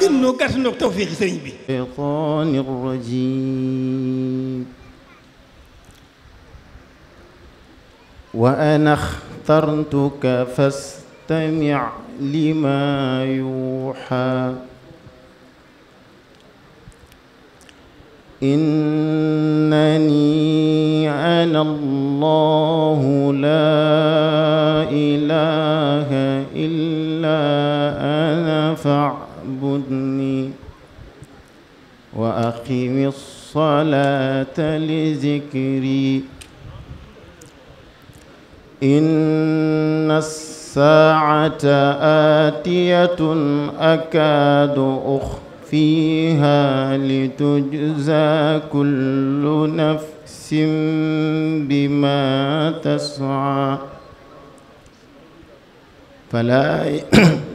gën noo gàtt noo tawféexi sëriñ bi shaytaani rajim wa ana axtartuka fastami lima yuuxa innani ana allahu laa ilaha illa ana fa أذني وأقم الصلاة لذكري إن الساعة آتية أكاد أخفيها لتجزى كل نفس بما تسعى فلا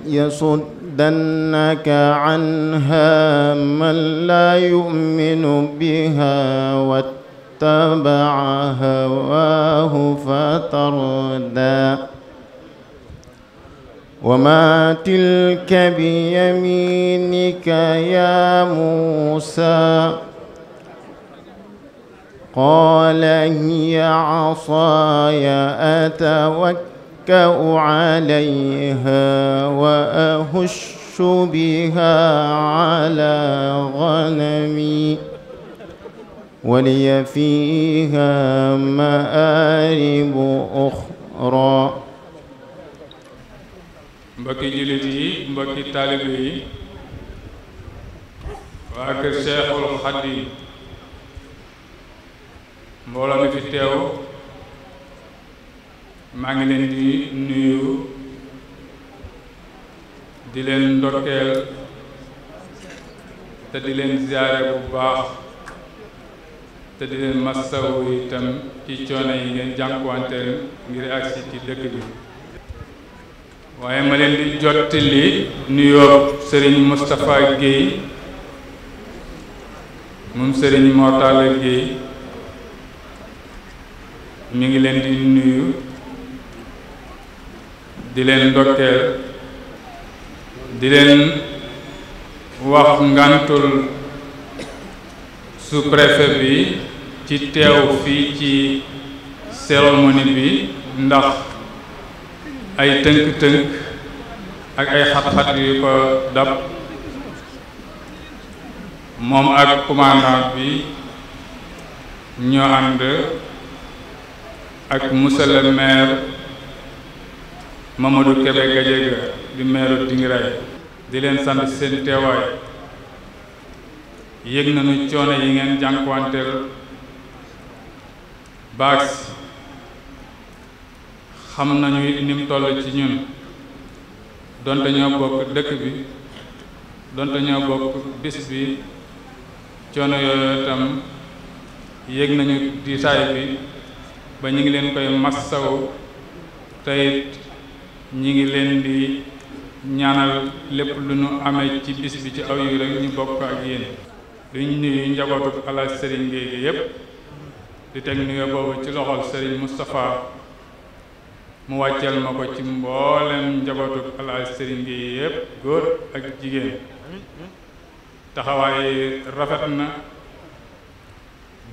يصد يصدنك عنها من لا يؤمن بها واتبع هواه فتردى وما تلك بيمينك يا موسى قال هي عصاي أتوكل أتكأ عليها وأهش بها على غنمي ولي فيها مآرب أخرى mbokki jullit yi mbokki taalibe yi waa kër Seexul Xadiim mbooloo mi fi teew maa ngi leen di nuyu di leen ndokkeel te di leen ziare bu baax te di leen massawu itam ci coono yi ngeen jànkuwanteel ngir agsi ci dëkk bi waaye ma leen di jottali nuyoo sëriñ Moustapha Guèye moom sëriñ Mortala Guèye mu ngi leen di nuyu di leen ndokkeel di leen wax ngantul sous-préfet bi ci teew fii ci cérémonie bi ndax ay tënk-tënk ak ay xat-xat yu ko dab moom ak commandant bi ñoo ànd ak monsieur le Mamadou Kébé Gadiaga di meeru Dingiray di leen sant seen teewaay yëg nañu coono yi ngeen jànkuwanteel baas xam nañu ni mu toll ci ñun donte ñoo bokk dëkk bi donte ñoo bokk bis bi coono yooyu itam yëg nañu diisaay bi ba ñu ngi leen koy massaw tey ñi ngi leen di ñaanal lépp lu ñu amee ci bis bi ci aw yi rek ñu bokk ak yéen duñ nuyu njabootu alaaj Serigne Gueye gi yépp di teg nuyoo boobu ci loxol Serigne mustafa mu wàcceel ma ko ci mboolem njabootu alaaj Serigne Gueye yépp góor ak jigéen taxawaay rafet na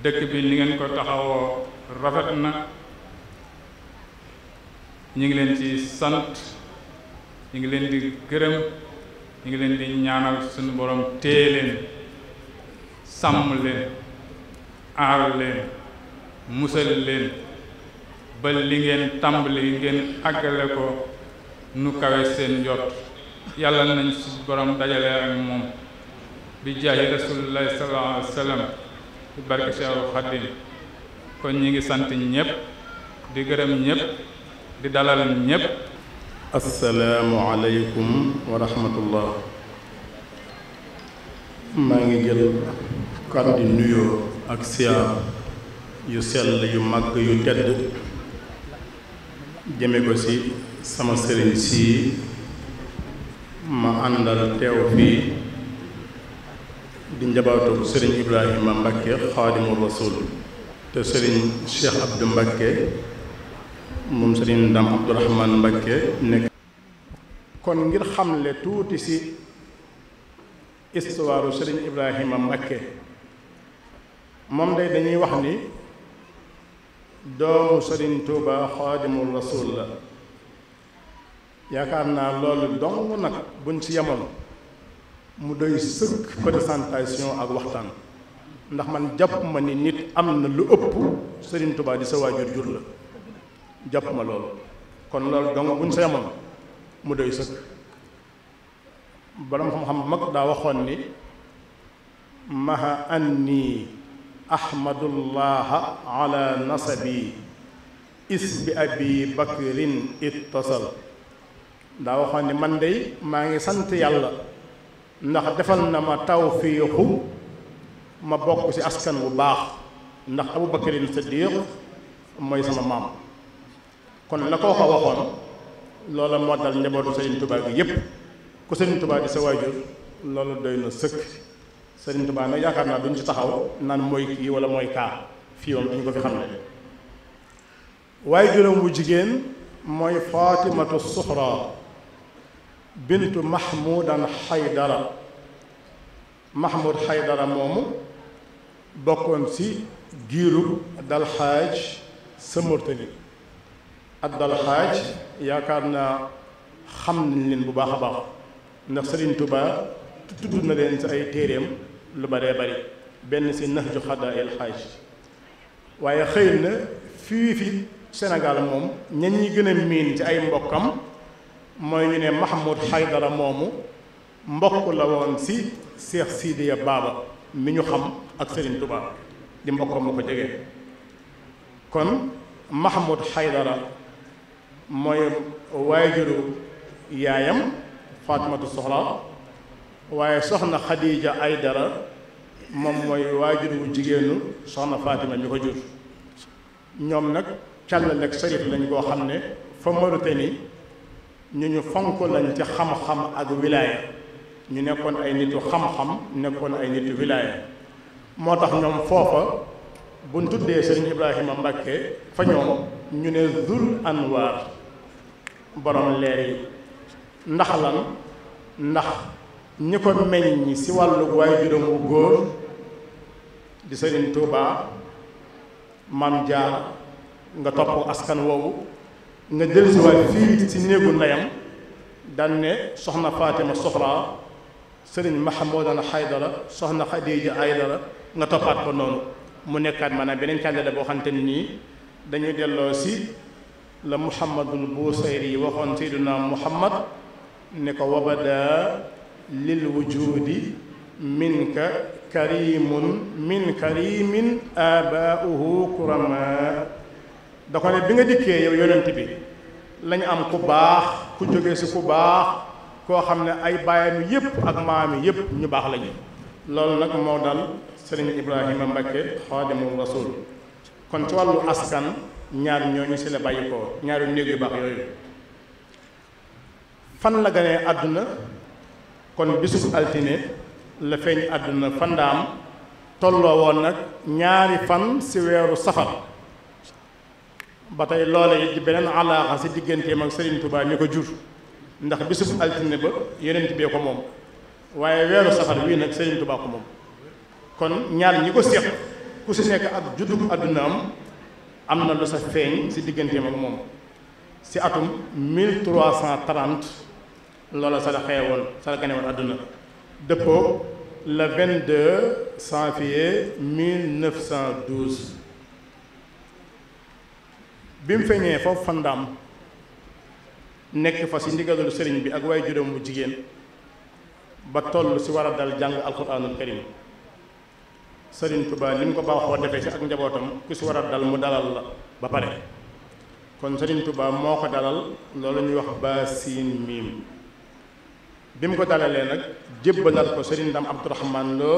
dëkk bi ni ngeen ko taxawoo rafet na ñu ngi leen ci sant ñu ngi leen di gërëm ñu ngi leen di ñaanal suñu borom téye leen sàmm leen aar leen musal leen ba li ngeen tàmbali ngeen àggale ko nu kawe seen jot yàlla nañ ci borom dajale ak moom bi jaayi rasulillahi sallallahu alayhi wa sallam bi barke Seexul Xaadim kon ñu ngi sant ñëpp di gërëm ñépp di dalal ñépp asalaamualeykum wa rahmatullah maa ngi jël kàddu nuyoo ak siyaar yu sell yu màgg yu tedd jëme ko ci sama sëriñ sii ma àndal teew fii di njabootu sëriñ Ibrahima Mbakke xaadimu rasul te sëriñ Cheikh Abdou Mbakke moom sëriñ Dame Abdourahmane Mbacké nekk kon ngir xamle tuuti si histoire sëriñ Ibrahima Mbacké moom day dañuy wax ni doomu sëriñ Touba Xaadimul Rasuul la yaakaar naa loolu dong nag buñ ci yemoon mu doy sëkk présentation ak waxtaan ndax man jàpp ma ni nit am na lu ëpp sëriñ Touba di sa waajur jur la jàpp ma loolu kon loolu dong buñ sa yamoon mu doy sëkk a xam-xam mag daa waxoon ni maha anni ahmadullaha ala nasabi is bi abi bakrin ittasal daa waxoon ni man dey maa ngi sant yàlla ndax defal na ma tawfiixu ma bokk ci askan bu baax ndax abu bakrin mooy sama maam kon la koo ko waxoon loola moo dal njabootu Serigne Touba gi yëpp ku Serigne Touba di sa waajur loolu doy na sëkk Serigne Touba nag yaakaar naa duñ ci taxaw naan mooy kii wala mooy kaa fii moom duñ ko fi xam ne waaye juróom bu jigéen mooy Fatimatu Suxra bintu Mahmudan Haydara Mahmud Haydara moomu bokkoon ci giiru dal xaaj sa Murtani addal xaaj yaakaar naa xam nañ leen bu baax a baax ndax Serigne Touba tudd na leen ci ay téeréem lu baree bari benn si nax ju el xaaj waaye xëy na fii fi senegal moom ñañ ñi gën a miin ci ay mbokkam mooy ñu ne Mahmoud Haydara moomu mbokk la woon si Cheikh Sidiya Baba mi ñu xam ak Serigne Touba di mbokkam mu ko jege kon Mahmoud Haydara mooy waajuru yaayam Fatimatu Soxra waaye soxna ay dara moom mooy waajuru bu jigéenu soxna Fatima ñu ko jur ñoom nag càllal ak sarif lañ koo xam ne fa ni ñu ñu fonk lañ ci xam-xam ak wilaaya ñu nekkoon ay nitu xam-xam nekkoon ay nitu wilaaya moo tax ñoom foofa buñ tuddee sëriñ Ibrahima Mbacke fa ñoom ñu ne Zul Anwar borom leer yi ndax lan ndax ñi ko meññ si wàllu waay juróom wu góor di sëriñ Touba maam jaar nga topp askan woowu nga jël si waay fii si néegu ndeyam daan ne soxna Fatima Soxra sëriñ Mahamoudan Haydara soxna Khadija Haydara nga toppaat ko noonu mu nekkaat maanaam beneen càllale boo xamante ne nii dañuy delloo si la muhammadul busayri yi waxoon sayduna muhammad ne ko wabada lil wujudi minka karimun min karimin abauhu kurama da ko ne bi nga dikkee yow yonent bi lañu am ku baax ku jóge si ku baax koo xam ne ay baayam yépp ak maami yépp ñu baax lañu loolu nag moo dal sëriñ Ibrahima Mbakke xaadimu rasul kon ci wàllu askan ñaar ñooñu si la bàyyi ko ñaari néeg yu baax yooyu fan la ganee àdduna kon bisub altine la feeñ àdduna fandaam tolloo woon nag ñaari fan si weeru safar ba tey loole it di beneen alaaxa si digganteem ak sëriñ Touba mi ko jur ndax bisub altine ba yeneen bee ko moom waaye weeru safar wii nag Sëriñ Tuubaa ko moom kon ñaar ñi ko séq ku ci nekk ak juddug àdduna am am na lu sa feeñ si digganteem ak moom si atum 1330 loola sa la xewe woon sa la gane woon àdduna dëppoo le 22 janvier 1912 bi mu feeñee foofu fandam nekk fa si ndigalul sëriñ bi ak waaye juróom mu jigéen ba toll si war a dal jàng alxuraanul karim sëriñ Tuubaa ni mu ko baaxoo defee si ak njabootam ku si war a dal mu dalal la ba pare kon sëriñ tubaa moo ko dalal loolu ñuy wax ba siin miim bi mu ko dalalee nag jébbalal ko sëriñ Dame Abdourahmane Lo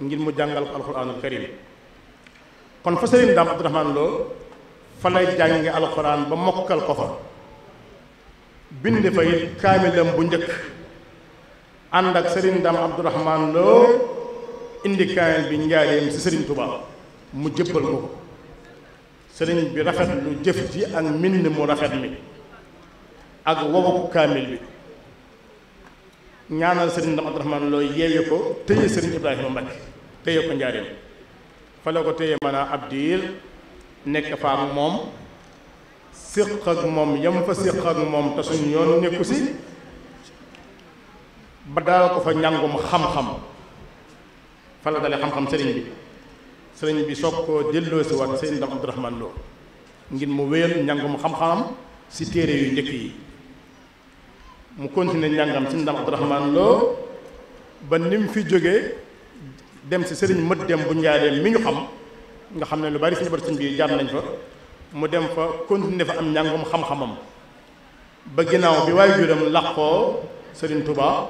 ngir mu jàngal ko alxuraanul karim kon fa sëriñ Dame Abdourahmane fa lay jànge alxuraan ba mokkal ko fa bind fa it kaamilam bu njëkk ànd ak sëriñ Dame Abdourahman Lo indi kaayal bi njaareem si sëriñ Touba mu jëppal ko ko sëriñ bi rafet lu jëf ji ak mbind mu rafet mi ak wowu kaamil bi ñaanal sëriñ Dame Abdourahman Lo yeewe ko téye sëriñ Ibrahima Mbacke téye ko njaareem fa la ko téye maanaam ab nekk fa ak moom séq ak moom yam fa séq ak moom te suñ yoon nekku si ba daal ko fa njàngum xam-xam fa la xam-xam sëriñ bi sëriñ bi soog ko delloo si waat sëriñ Dame Abdourahmane Lo ngir mu wéyal njàngum xam-xamam si téere yu njëkk yi mu continuer njàngam sëriñ Dame Abdourahmane Lo ba ni mu fi jóge dem si sëriñ mët dem bu njaareem mi ñu xam nga xam ne lu bari si njaboot sëriñ bi jaar nañ fa mu dem fa continuer fa am njàngum xam-xamam ba ginnaaw bi waaye juram làqoo sëriñ Touba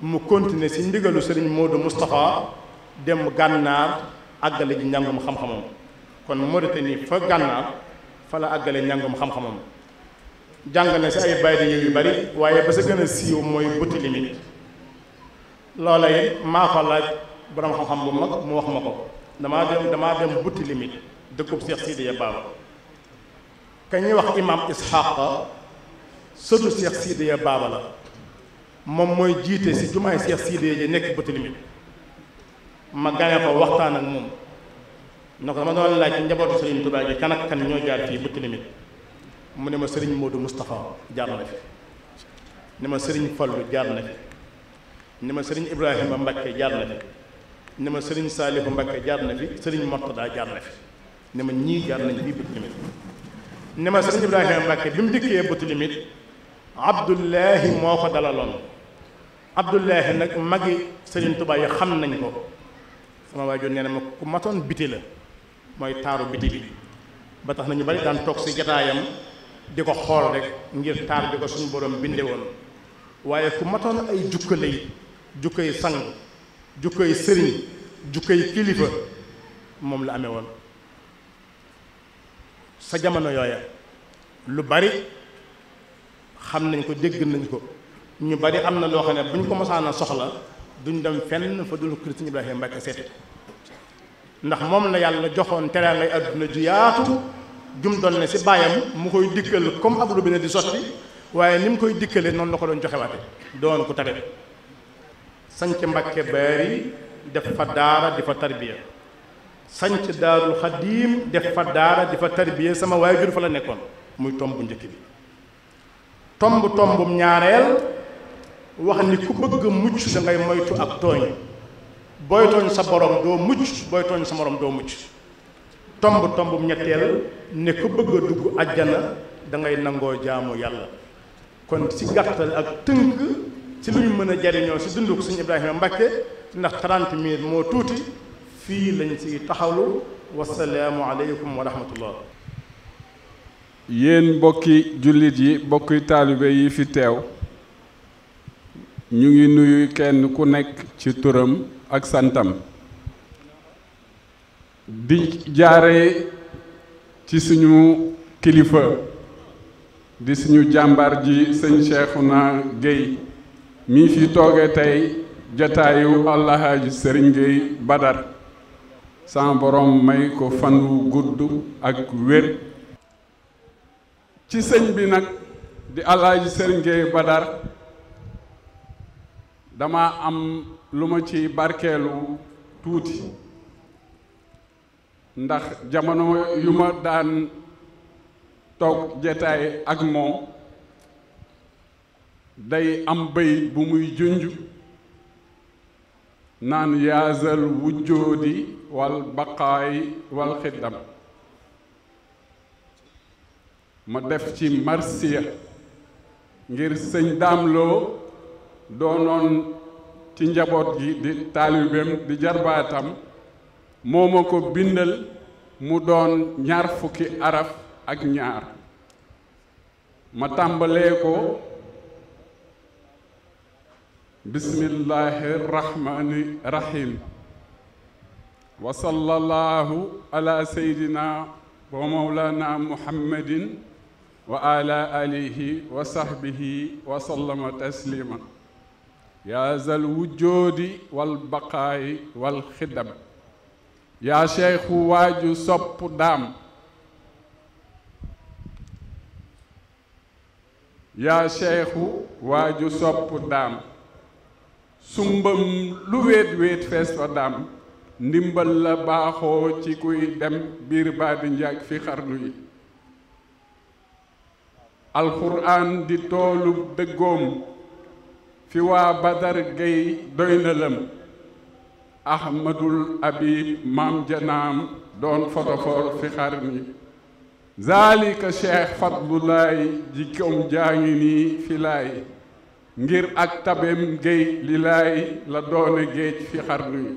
mu continuer si ndigalu sëriñ Modou Moustapha dem gànnaar àggale ji njàngum xam-xamam kon Mauritanie fa gànnaar fa la àggale njàngum xam-xamam jàng na si ay baydi yu bari waaye ba sa gën a siiw mooy buti limit loola it maa fa xam-xam bu mag mu wax ma ko damaa dem damaa dem buti limit dëkkub Seex Sidiya Baba ka ñuy wax imam Isxaqa sëtu Seex Sidiya Baba la moom mooy jiite si jumaay Cheikh Sidé ji nekk Boutilimit ma gane ko waxtaan ak moom na ko dama doon laaj njabootu Serigne Touba ji kan ak kan ñoo jaar fii Boutilimit mu ne ma sëriñ Modou Moustapha jaar na fi ne ma Serigne Fallou jaar na fi ne ma sëriñ Ibrahima Mbacke jaar na fi ne ma Serigne Saliou Mbacke jaar na fi Serigne Mortada jaar na fi ne ma ñii jaar nañ fii Boutilimit ne ma Serigne Ibrahima Mbacke bi mu dikkee Boutilimit Abdullahi moo ko dalaloon. Abdullahi nag mag yi sëriñ Touba yi xam nañ ko sama waajur nee na ma ku matoon biti la mooy taaru biti bi ba tax nañu bari daan toog si jataayam di ko xool rek ngir taar bi ko suñu borom binde woon waaye ku matoon ay jukkalay jukkay sang jukkay sëriñ jukkay kilifa moom la amee woon sa jamono yooya lu bari xam nañ ko dégg nañ ko ñu bari am na loo xam ne bu ñu ko mosaan soxla duñu dem fenn fa dul kër Sëriñ Ibrahima Mbacke seeti ndax moom la yàlla joxoon teranga ngay adduna ju yaatu jum doon ne si baayam mu koy dikkal comme ab robinet di sotti waaye ni mu koy dikkalee noonu la ko doon joxewaate doon ku tabe sanc Mbacke Bari def fa daara di fa tarbiya sanc daarul xadiim def fa daara di fa tarbiya sama waajur fa la nekkoon muy tomb njëkk bi tomb tombum ñaareel wax ni ku bëgg a mucc da moytu ak tooñ booy tooñ sa borom doo mucc booy tooñ sa morom doo mucc tomb tomb ñetteel ne ku bëgg a dugg àjjana da ngay nangoo jaamu yàlla kon ci gàttal ak tënk ci lu ñu mën a jariñoo ci dunduk suñu Ibrahima Mbàkke ndax 30 minutes moo tuuti fii lañ si taxawlu wasalaamu aleykum wa rahmatullah yéen mbokki jullit yi mbokki taalibe yi fi teew ñu ngi nuyu kenn ku nekk ci turam ak santam di jaare ci suñu kilifa di suñu jàmbaar ji sëñ na Gueye mii fi tooge tey jataayu Alhaaji Sëriñ Gueye Badar sama borom may ko fan wu gudd ak wér ci sëñ bi nag di Alhaaji Sëriñ Gueye Badar dama am lu ma ci barkeelu tuuti ndax jamono yu ma daan toog jetaay ak moom day am bayit bu muy junj naan yaazal wujjoodi wal baqaay wal ma def ci marsiya ngir sëñ daamloo doonoon ci njaboot gi di taalibeem di jarbaatam moo ma ko bindal mu doon ñaar fukki araf ak ñaar ma tàmbalee ko bismillahi rahmani rahim wa sallallahu ala seydina wa mawlana muhammadin wa ala alihi wa sahbihi wa sallama taslima yaa zal wujjoodi wal walxidam wal xidam yaa seexu waaju sopp daam yaa seexu sopp daam sumbam lu wéet wéet fees fa daam ndimbal la baaxoo ci kuy dem biir baadi njaag fi xarnu yi alxuraan di toolu dëggoom fi waa Badar Gueye doy na lëm ahmadul abib maam janaam doon fotofoor fi xar mi zaalika cheikh fadlulaay jikkoom jaa ngi nii filaay ngir ak tabeem géej li laay la doone géej fi xarnu yi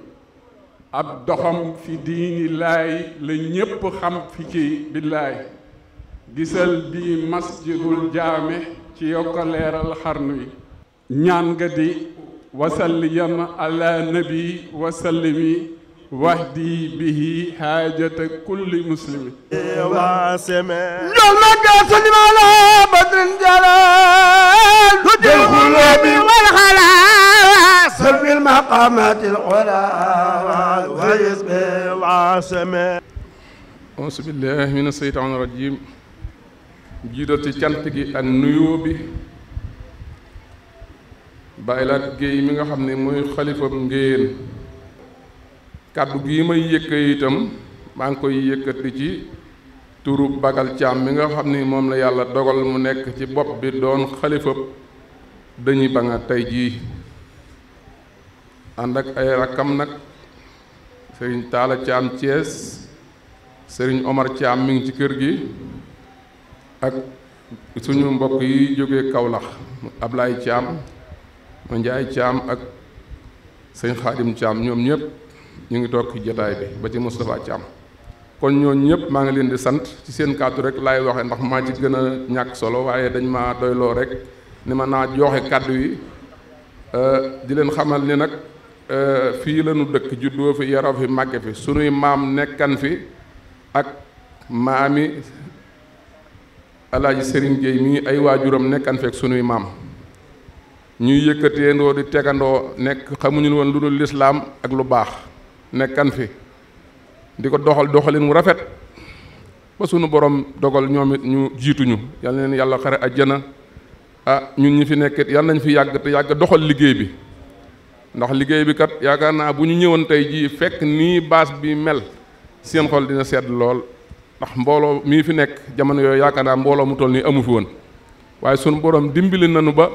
ab doxam fi diini laay la ñépp xam fi kii billaay gisal bii masjidul jaame ci yokk leeral xarnu ñaan nga di wasallim ala nabi wasallimi wahdi bihi haajata kulli muslimi waseme njol magga sallim ala badrin jalal tujil xulubi wal xalaal salbil maqamati lxula wayisbe waseme ausu billahi min asheytaan rajim jiital ci cant gi ak nuyoo bi Baye Laat Géey mi nga xam ne mooy xalifab ngéen kàddu gii may yëkka itam maa ngi koy yëkkati ci turu Bagal Caam mi nga xam ni moom la yàlla dogal mu nekk ci bopp bi doon xalifab dañuy ba nga tey jii ànd ak ay rakkam nag sëriñ Taala Caam Thiès sëriñ Omar Caam mi ngi ci kër gi ak suñu mbokk yi jóge Kawlax Ablaay Caam ma njaay caam ak sëñ xaadim caam ñoom ñëpp ñu ngi toog ci jataay bi ba ci Moustapha Caam kon ñooñu ñëpp maa ngi leen di sant ci seen kàddu rek laay waxee ndax maa ci gën a ñàkk solo waaye dañ ma doyloo rek ni ma naa joxe kàddu yi euh, di leen xamal ni nag euh, fii lañu dëkk juddoo fi yaroo fi màgge fi sunuy maam nekkan fi ak maami alaaj Serigne Gueye mii ay waajuram nekkan fi ak sunuy maam ñuy yëkkateendoo di tegandoo nekk xamuñu woon lu dul lislaam ak lu baax nekkan fi di ko doxal doxalin wu rafet ba sunu borom dogal ñoom it ñu jiituñu yal na leen yàlla xare ajjana ah ñun ñi fi nekkit yal nañ fi yàgg te yàgg doxal liggéey bi ndax liggéey bi kat yaakaar naa bu ñu ñëwoon tey jii fekk nii baas bii mel seen xol dina sedd lool ndax mbooloo mii fi nekk jamono yooyu yaakaar naa mbooloo mu toll nii amu fi woon waaye sunu borom dimbali nanu ba.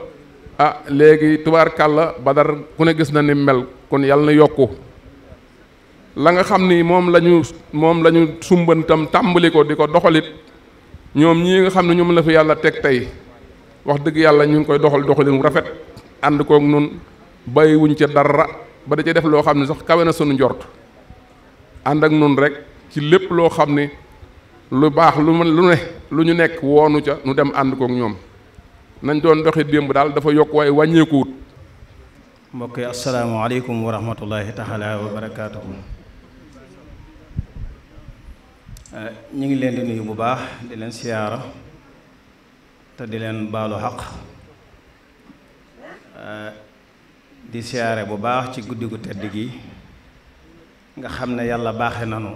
ah léegi ba badar ku ne gis na ni mel kon yàlla na yokku la nga xam ni moom lañu moom la ñu sumbantam tàmbali ko di ko doxalit ñoom ñii nga xam ne ñoom la fi yàlla teg tey wax dëgg yàlla ñu ngi koy doxal doxalin rafet ànd kook nun bàyyiwuñ ca dara ba da ca def loo xam ne sax kawe na sunu njort ànd ak nun rek ci lépp loo xam ne lu baax lu lu ne lu ñu nekk woonu ca nu dem ànd kook ñoom nañ doon doxee démb daal dafa yokk waaye wàññeekuwut mbokk yi asalaamaaleykum wa rahmatullahi taala wa barakaatuhu ñu ngi leen di nuyu bu baax di leen siyaara te di leen baalu xaq di siyaare bu baax ci guddi gu tedd gi nga xam ne yàlla baaxe nanu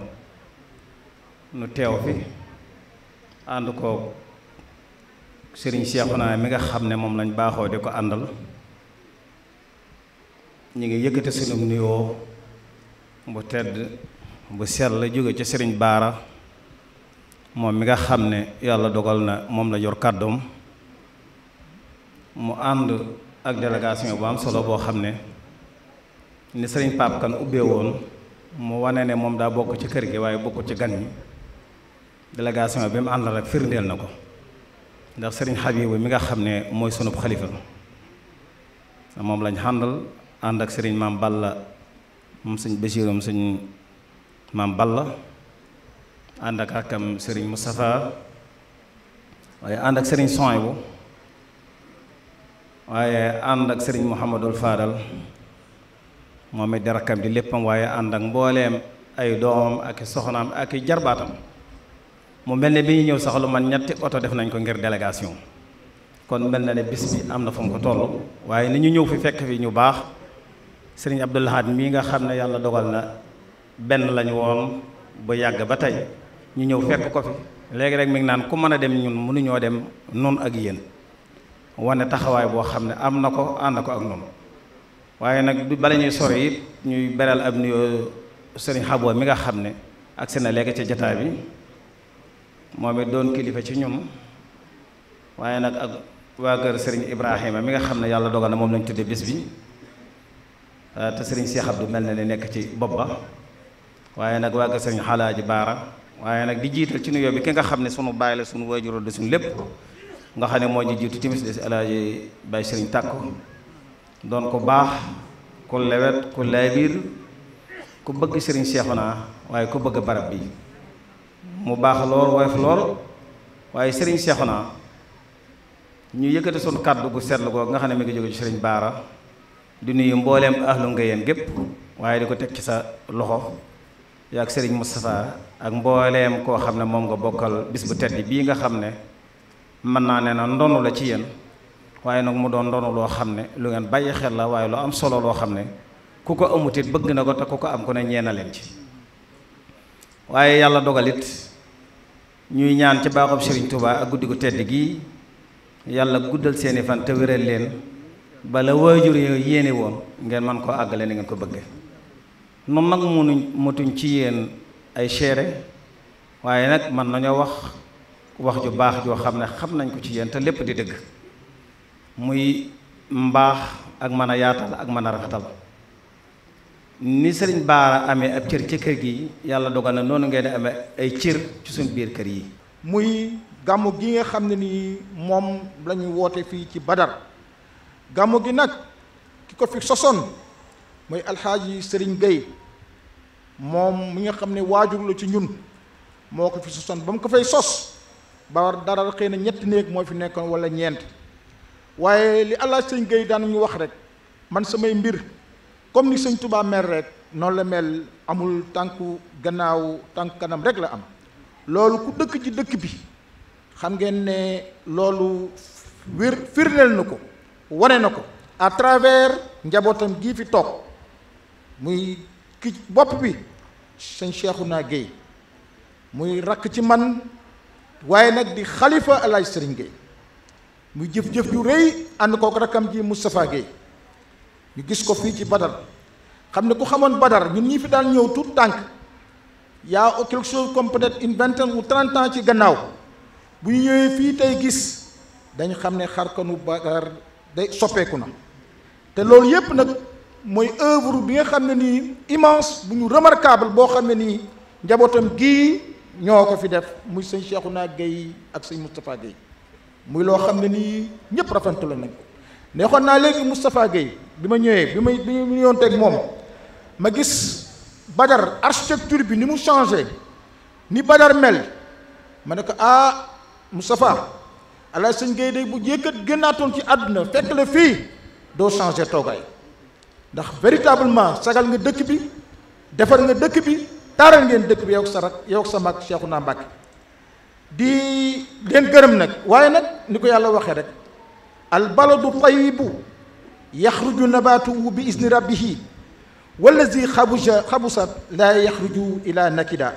nu teew fi ànd ko sëriñ Seexuna mi nga xam ne moom lañu baaxoo di ko àndal ñu ngi yëkkati sunu nuyoo bu tedd bu la jóge ci sëriñ Baara moom mi nga xam ne yàlla dogal na moom la yor kàddoom mu ànd ak délégation bu am solo boo xam ne ni sëriñ Pape Kane ubbee woon mu wane ne moom daa bokk ci kër gi waaye bokk ci gan ñi délégation bi mu àndal ak firndeel na ko. ndax sëriñ Xabibu mi nga xam ne mooy sunub xalifa moom lañ xàndal ànd ak sëriñ maam Balla moom sëñ Basiirum sëñ maam Balla ànd ak rakkam sëriñ Moustapha waaye ànd ak sëriñ Sohaybu waaye ànd sëriñ Mouhamadul Fadal moom it di rakkam di léppam waaye ànd ak mbooleem ay doomam ak i soxnaam ak jarbaatam mu mel ne bi ñu ñëw sax lu man ñetti oto def nañ ko ngir délégation kon mel na ne bis bi am na fa mu ko toll waaye ni ñu ñëw fi fekk fi ñu baax sëriñ Abdou Lahad mii nga xam ne yàlla dogal na benn lañu woon bu yàgg ba tey ñu ñëw fekk ko fi léegi rek mi ngi naan ku mën a dem ñun mënuñoo dem noonu ak yéen wane taxawaay boo xam ne am na ko ànd ko ak noonu waaye nag du ñuy sori it ñuy beral ab nuyoo sëriñ Xaboo mi nga xam ne agsi na léegi ca jotaay bi. moom it doon kilifa ci ñun waaye nag ak waa kër Serigne Ibrahima mi nga xam ne yàlla dogal na moom lañ tuddee bés bi ah, te sëriñ Cheikh Abdou mel na ne nekk ci bopp ba waaye nag waa kër Serigne Xalaaji Baara waaye nag di jiital ci nuyoo bi ki nga xam ne sunu baay la sunu waajur la suñu lépp nga xam ne moo ji jiitu timis des alaaji Baay Serigne Tàkku doon ko baax ku lewet ku laabiir ku bëgg Serigne Cheikhouna waaye ku bëgg barab bi mu baax lool woyof lool waaye sëriñ naa ñu yëkkati sunu kàddu gu seetlu googu nga xam ne mi ngi jóge ci sëriñ Baara di nuyu mbooleem ahlu Ngéyeen gépp waaye di ko teg ci sa loxo yaa ak sëriñ Moustapha ak mbooleem koo xam ne moom nga bokkal bis bu tedd bii nga xam ne mën naa ne na ndonu la ci yéen waaye nag mu doon ndonu loo xam ne lu ngeen bàyyi xel la waaye lu am solo loo xam ne ku ko amutit bëgg na ko te ku ko am ku ne ñeena leen ci waaye yàlla dogalit ñuy ñaan ci baaxob Serigne Touba ak guddi gu tedd gi yàlla guddal seeni fan te wéral leen bala waajur yoo yéene woon ngeen man koo àggale ni ngeen ko bëgge noonu nag munuñ motuñ ci yéen ay seere waaye nag man nañoo wax wax ju baax joo xam ne xam nañ ko ci yéen te lépp di dëgg muy mbaax ak mën a yaatal ak mën a rafetal ni sëriñ Baara amee ab cër ci kër gi yàlla dogal na noonu ngeen di amee ay cër ci suñ biir kër yi. muy gàmmu gi nga xam ne nii moom lañuy woote fii ci Badar gàmmu gi nag ki ko fi sosoon mooy alxaaji sëriñ gay moom mu nga xam ne waajur la ci ñun moo ko fi sosoon ba mu ko fay sos ba dara xëy na ñetti néeg moo fi nekkoon wala ñeent waaye li alxaaji sëriñ Gueye daan ñu wax rek man samay mbir. comme ni sëñ Touba mel rek noonu la mel amul tànku gannaaw tànku kanam rek la am loolu ku dëkk ci dëkk bi xam ngeen ne loolu wir firndeel na ko wane na ko à travers njabootam gii fi toog muy ki bopp bi sëñ naa Guèye muy rakk ci man waaye nag di xalifa alaaj Sëriñ Guèye muy jëf-jëf ju rëy ànd kook rakkam ji Moustapha Guèye ñu gis ko fii ci badar xam ne ku xamoon badar ñun ñi fi daan ñëw tout tànk yaa quelque chose comme peut-être une vingtaine ou trente ans ci gannaaw bu ñu ñëwee fii tey gis dañ xam ne xarkanu badar day soppeeku na te loolu yépp nag mooy œuvre bi nga xam ne nii immense bu ñu remarquable boo xam ne nii njabootam gii ñoo ko fi def muy sëñ naa Gueye ak sëñ Moustapha Gueye muy loo xam ne nii ñépp rafetlu nañ ko neexoon naa léegi Moustapha Gueye bi ma ñëwee bi ma bi ñu yoon teg moom ma gis Badar architecture bi ni mu changé ni Badar mel ma ne ko ah Moustapha alaaj sëñ Gueye day bu yëkkat génnaatoon ci àdduna fekk la fii doo changé toogaay ndax véritablement sagal nga dëkk bi defar nga dëkk bi taaral ngeen dëkk bi yow sa rak yow sa mag Cheikhouna Mbacké di leen gërëm nag waaye nag ni ko yàlla waxee rek al baladu tayyibu yaxruju nabaatuhu bi isni rabbihi wallazi xabusa xabusat laa yaxruju ila nakida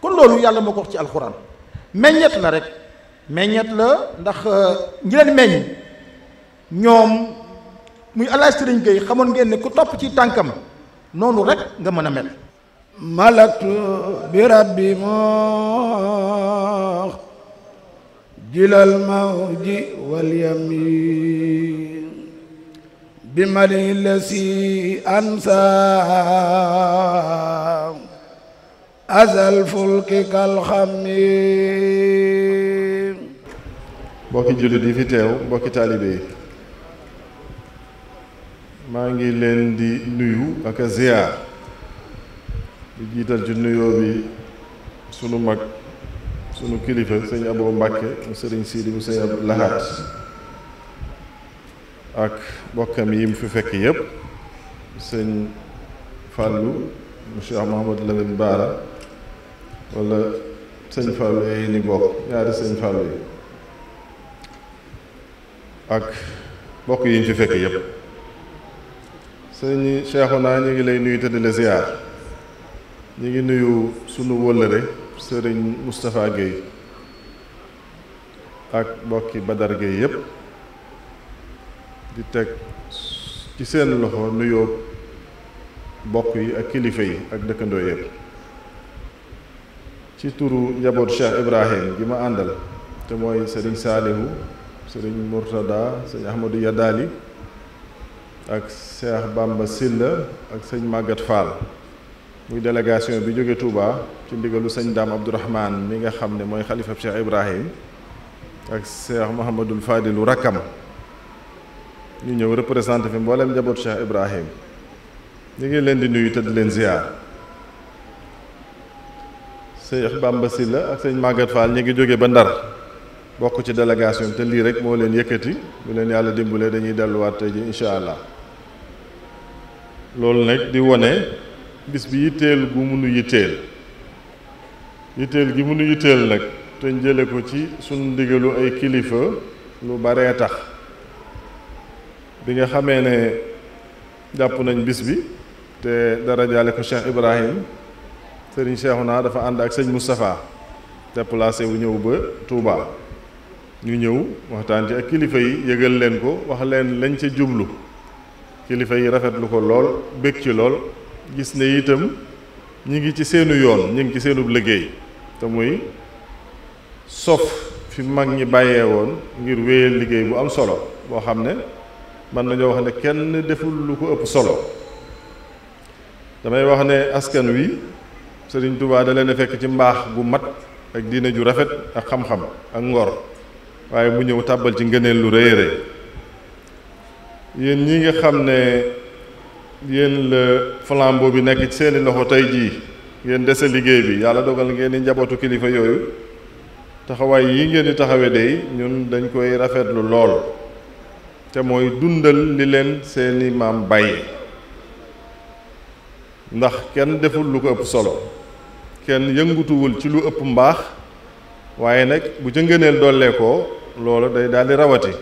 kon loolu yàlla moo ko wax ci alxuraan meññet la rek meññet la ndax euh, ñi leen meññ ñoom muy alaaj sëriñ Gueye xamoon ngeen ne ku topp ci tànkam noonu rek nga mën a mel malaktu bi rabbi moo jilal maw ji walyam بملئ الذي أنسى أذى الفلك كالخميم mbokki jullit yi fi teew mbokki taalibe maa ngi leen di nuyu ak a ziyaar di jiital ci nuyoo bi sunu mag sunu kilifa sëñ Abou Mbàkke mu sëriñ Siidi mu sëñ Abou Lahat ak bokkam yi mu fi fekk yëpp sëñ Fallou monsieur Mahamadou Lamine Baara wala sëñ Fallou yi ni bokk ñaari sëñ Fallou yi ak bokk yi ñu fi fekk yëpp sëñ Cheikhouna ñu ngi lay nuyu te di ñu ngi nuyu sunu wëllëre sëriñ mustafa Guèye ak bokki Badar Guèye yëpp di teg ci seen loxo nuyoo bokk yi ak kilifa yi ak dëkkandoo yëpp ci turu njaboot Cheikh Ibrahim gi ma àndal te mooy sëriñ saalihu sëriñ murtada sëñ ahmadou yadali ak Cheikh Bamba Silla ak sëñ màggat Fall muy délégation bi jóge Touba ci ndigalu sëñ Daam Abdourahman mi nga xam ne mooy xalifab Cheikh Ibrahim ak Cheikh Mouhamadul Fadilu rakkam ñu ñëw représenté fi mbooleem njabootu Cheikh Ibrahim ñu ngi leen di nuyu te leen ziar Cheikh Bamba Sylla ak sëñ Maguette Fall ñu ngi jóge ba Ndar bokk ci délégation te lii rek moo leen yëkkati bu leen yàlla dimbalee dañuy delluwaat tey ji incha allah loolu nag di wone bis bi yitteel gu munu yitteel yitteel gi munu yitteel nag te jële ko ci suñu ndigalu ay kilifa lu baree tax bi nga xamee ne jàpp nañ bis bi te dara jaale ko Cheikh Ibrahim sëriñ Cheikhouna dafa ànd ak sëñ Moustapha déplacé wu ñëw ba Touba ñu ñëw waxtaan ci ak kilifa yi yëgal leen ko wax leen lañ ca jublu kilifa yi rafetlu ko lool bég ci lool gis ne itam ñu ngi ci seenu yoon ñu ngi ci seenub liggéey te muy sof fi mag ñi bàyyee woon ngir wéyal liggéey bu am solo boo xam ne man nañoo wax ne kenn deful lu ko ëpp solo damay wax ne askan wi Sëriñ Tuubaa da leen a fekk ci mbaax gu mat ak diine ju rafet ak xam-xam ak ngor waaye mu ñëw tàbbal ci ngeneen lu rëy rëy yéen ñi nga xam ne yéen la flambeau bi nekk ci seeni loxo tey jii ngeen dese liggéey bi yàlla dogal ngeen di njabootu kilifa yooyu taxawaay yi ngeen taxawee day ñun dañ koy rafetlu lool te mooy dundal li leen seeni maam bàyyee ndax kenn deful lu ko ëpp solo kenn yëngutuwul ci lu ëpp mbaax waaye nag bu ca ngëneel loolu day daal di rawati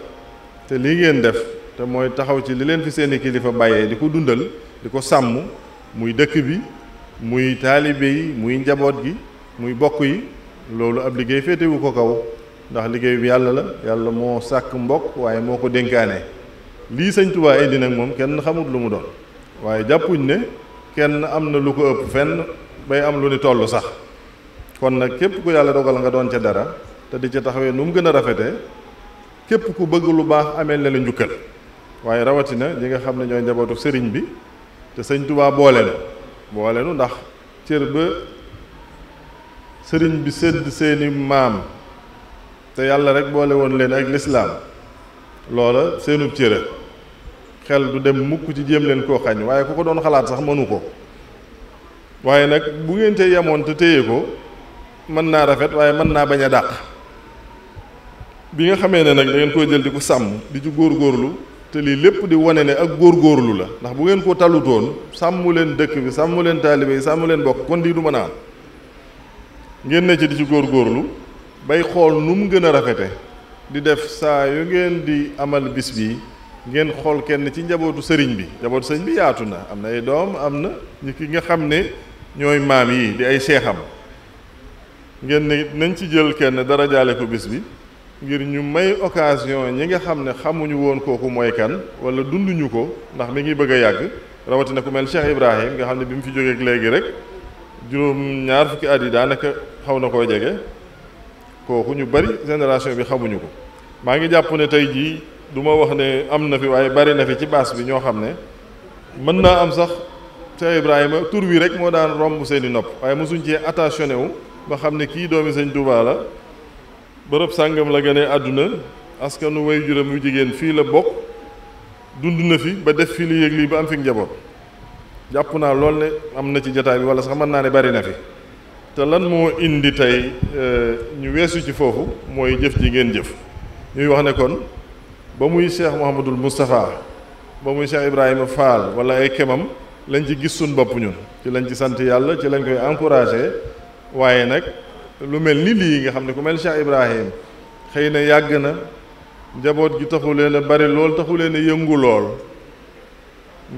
te li ngeen def te mooy taxaw ci li leen fi seeni kilifa bàyyee di ko dundal di ko sàmm muy dëkk bi muy taalibe yi muy njaboot gi muy bokk yi loolu ab liggéey féetewu ko kaw ndax liggéey bi yàlla la yàlla moo sàkk mbokk waaye moo ko dénkaanee lii sëñ Tuubaa indi nag moom kenn xamut lu mu doon waaye jàppuñ ne kenn am na lu ko ëpp fenn bay am lu ni toll sax kon nag képp ku yàlla dogal nga doon ca dara te di ca taxawee nu mu gën a rafete képp ku bëgg lu baax amee la njukkal waaye rawatina ñi nga xam ne ñooy njabootu sëriñ bi te sëñ Tuubaa boole nu ndax cër ba sëriñ bi sëdd seeni maam te yàlla rek boole woon leen ak lislaam loola seenub cëra xel du dem mukk ci jéem leen koo xañ waaye ku ko doon xalaat sax mënu ko waaye nag bu ngeen te yemoon te téye ko mën naa rafet waaye mën naa bañ a dàq bi nga xamee ne nag dangeen ngeen koy jël di ko sàmm di ci góorlu te lii lépp di wane ne ak góorgóorlu la ndax bu ngeen ko talutoon sàmm leen dëkk bi sàmmu leen taalibe yi sàmm leen bokk kon lii du mën a am ngeen ne ci di ci góorlu bay xool nu mu gën a rafete di def saa yu ngeen di amal bis bi ngeen xool kenn ci njabootu sëriñ bi njabootu sëriñ bi yaatu na am na ay doom am na ñi ki nga xam ne ñooy maam yi di ay seexam ngeen ne nañ ci jël kenn dara jaale ko bis bi ngir ñu may occasion ñi nga xam ne xamuñu woon kooku mooy kan wala dunduñu ko ndax mi ngi bëgg a yàgg rawatina ku mel Cheikh Ibrahim nga xam ne bi mu fi jógeek léegi rek juróom ñaar fukki at yi daanaka xaw na koo jege kooku ñu bari génération bi xamuñu ko maa ngi jàpp ne tey jii du ma wax ne am na fi waaye bari na fi ci baas bi ñoo xam ne mën naa am sax ca Ibrahima tur wi rek moo daan romb seeni nopp waaye mosuñ cee attentionné wu ba xam ne kii doomi sañ Tuubaa la bërëb sàngam la gënee àdduna nu way juram wu jigéen fii la bokk dund na fi ba def fi li yëg lii ba am fi njaboot jàpp naa lool ne am na ci jotaay bi wala sax mën naa ne bari na fi te lan moo indi tey euh, ñu weesu ci foofu mooy jëf ji ngeen jëf ñuy wax ne ba muy Cheikh Mouhamadul Moustapha ba muy Cheikh Ibrahima Fall wala ay kemam lañ ci gis suñ bopp ñu ci lañ ci sant yàlla ci lañ koy encouragé waaye nag lu mel ni lii nga xam ne ku mel Cheikh Ibrahim xëy na yàgg na njaboot gi taxu leen bari lool taxu leen a yëngu lool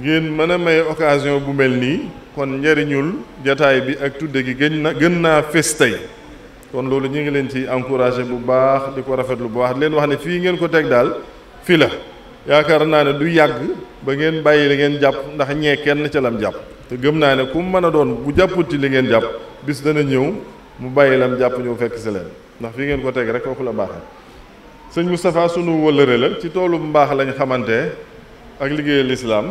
ngeen mën a may occasion bu mel nii kon njariñul jataay bi ak tudde gi gën na gën naa fés tey kon loolu ñu ngi leen ci encouragé bu baax di ko rafetlu bu baax leen wax ne fii ngeen ko teg daal fii la yaakaar naa ne du yàgg ba ngeen bàyyi la ngeen jàpp ndax ñee kenn ca lam jàpp te gëm naa ne ku mu mën a doon bu jàpputi li ngeen jàpp bis dana ñëw mu bàyyi lam jàpp ñëw fekk si leen ndax fii ngeen ko teg rek kooku la baaxee sëñ Moustapha sunu wëllëre ci toolu mbaax lañ xamante ak liggéeyal lislaam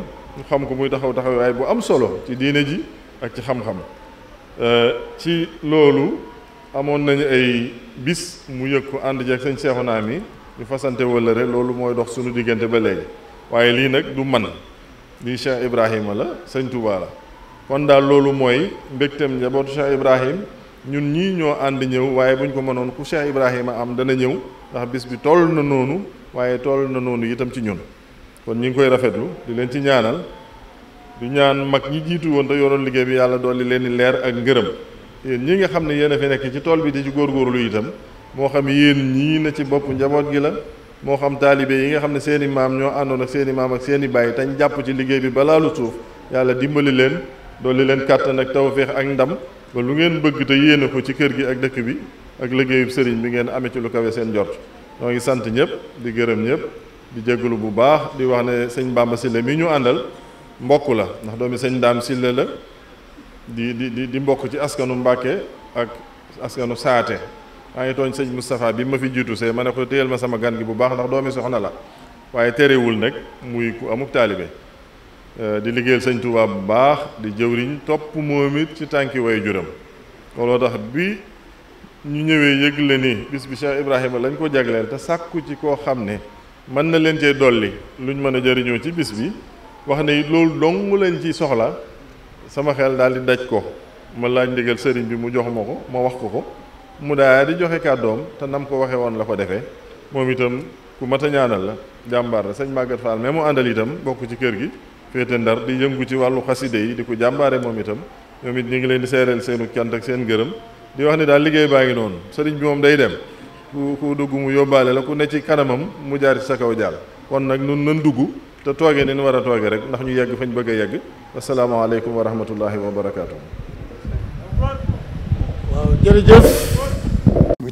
xam ko muy taxaw waaye bu am solo ci diine ji ak ci xam-xam euh, ci loolu amoon nañu ay bis mu yëg ko ànd jeeg sëñ seexu naa mi ñu fasante rek loolu mooy dox suñu diggante ba léegi waaye lii nag du man lii Cheikh Ibrahima la sëñ Touba la kon daal loolu mooy mbégteem njabootu Cheikh Ibrahim ñun ñii ñoo ànd ñëw waaye buñ ko mënoon ku Cheikh Ibrahima am dana ñëw ndax bis bi tool na noonu waaye toll na noonu itam ci ñun kon ñu ngi koy rafetlu di leen ci ñaanal du ñaan mag ñi jiitu woon te yoroon liggéey bi yàlla dolli leen di leer ak ngërëm yéen ñi nga xam ne yéen a fi nekk ci tool bi di ci góorgóorlu itam moo xam yéen ñii na ci bopp njaboot gi la moo xam taalibe yi nga xam ne seen i maam ñoo àndoon ak seen i maam ak seeni i bàyyi tañ jàpp ci liggéey bi balaa lu suuf yàlla dimbali leen dolli leen kàttan ak tawféex ak ndam ba lu ngeen bëgg te yéene ko ci kër gi ak dëkk bi ak liggéeyub sëriñ bi ngeen amee ci lu seen jort ñoo ngi sant ñëpp di gërëm ñëpp di jégalu bu baax di wax ne sëñ Bamba Sylla mi ñu àndal mbokk la ndax doomi sëñ Daam Sylla la di di di mbokk ci askanu Mbàkke ak askanu Saate maa ngi tooñ sëñ Moustapha bi ma fi jiitu see ma ne ko téyel ma sama gan gi bu baax ndax doomi soxna la waaye terewul nag muy ku amuk taalibe euh, di liggéeyal sëñ tubaab bu baax di jëwriñ topp moom it ci tànki way juram looloo tax bi ñu ñëwee yëg la ni bis bi Cheikh Ibrahima lañ ko jagleel te sàkku ci koo xam ne mën na leen cee dolli luñ mën a jëriñoo ci bis bi wax na ne loolu dong leen ci soxla sama xel daal di daj ko ma laaj ndigal sëriñ bi mu jox ma ko ma wax ko ko mu daa di joxe kàddoom te nam ko waxe woon la ko defee moom itam ku mat a ñaanal la jàmbaar la sëñ Maguette Fall mais mu àndal itam bokk ci kër gi féete ndar di yëngu ci wàllu xaside yi di ko jàmbaare moom itam ñoom it ñu ngi leen di seereel seenu cant ak seen gërëm di wax ne daal liggéey baa ngi noonu sëriñ bi moom day dem ku ku dugg mu yóbbaale la ku ne ci kanamam mu jaar ci sa kaw jàll kon nag nun nan dugg te toogee ni ñu war a toogee rek ndax ñu yegg fañ bëgg a yegg asalaamaaleykum wa rahmatullahi wa barakaatu. waaw jërëjëf. muy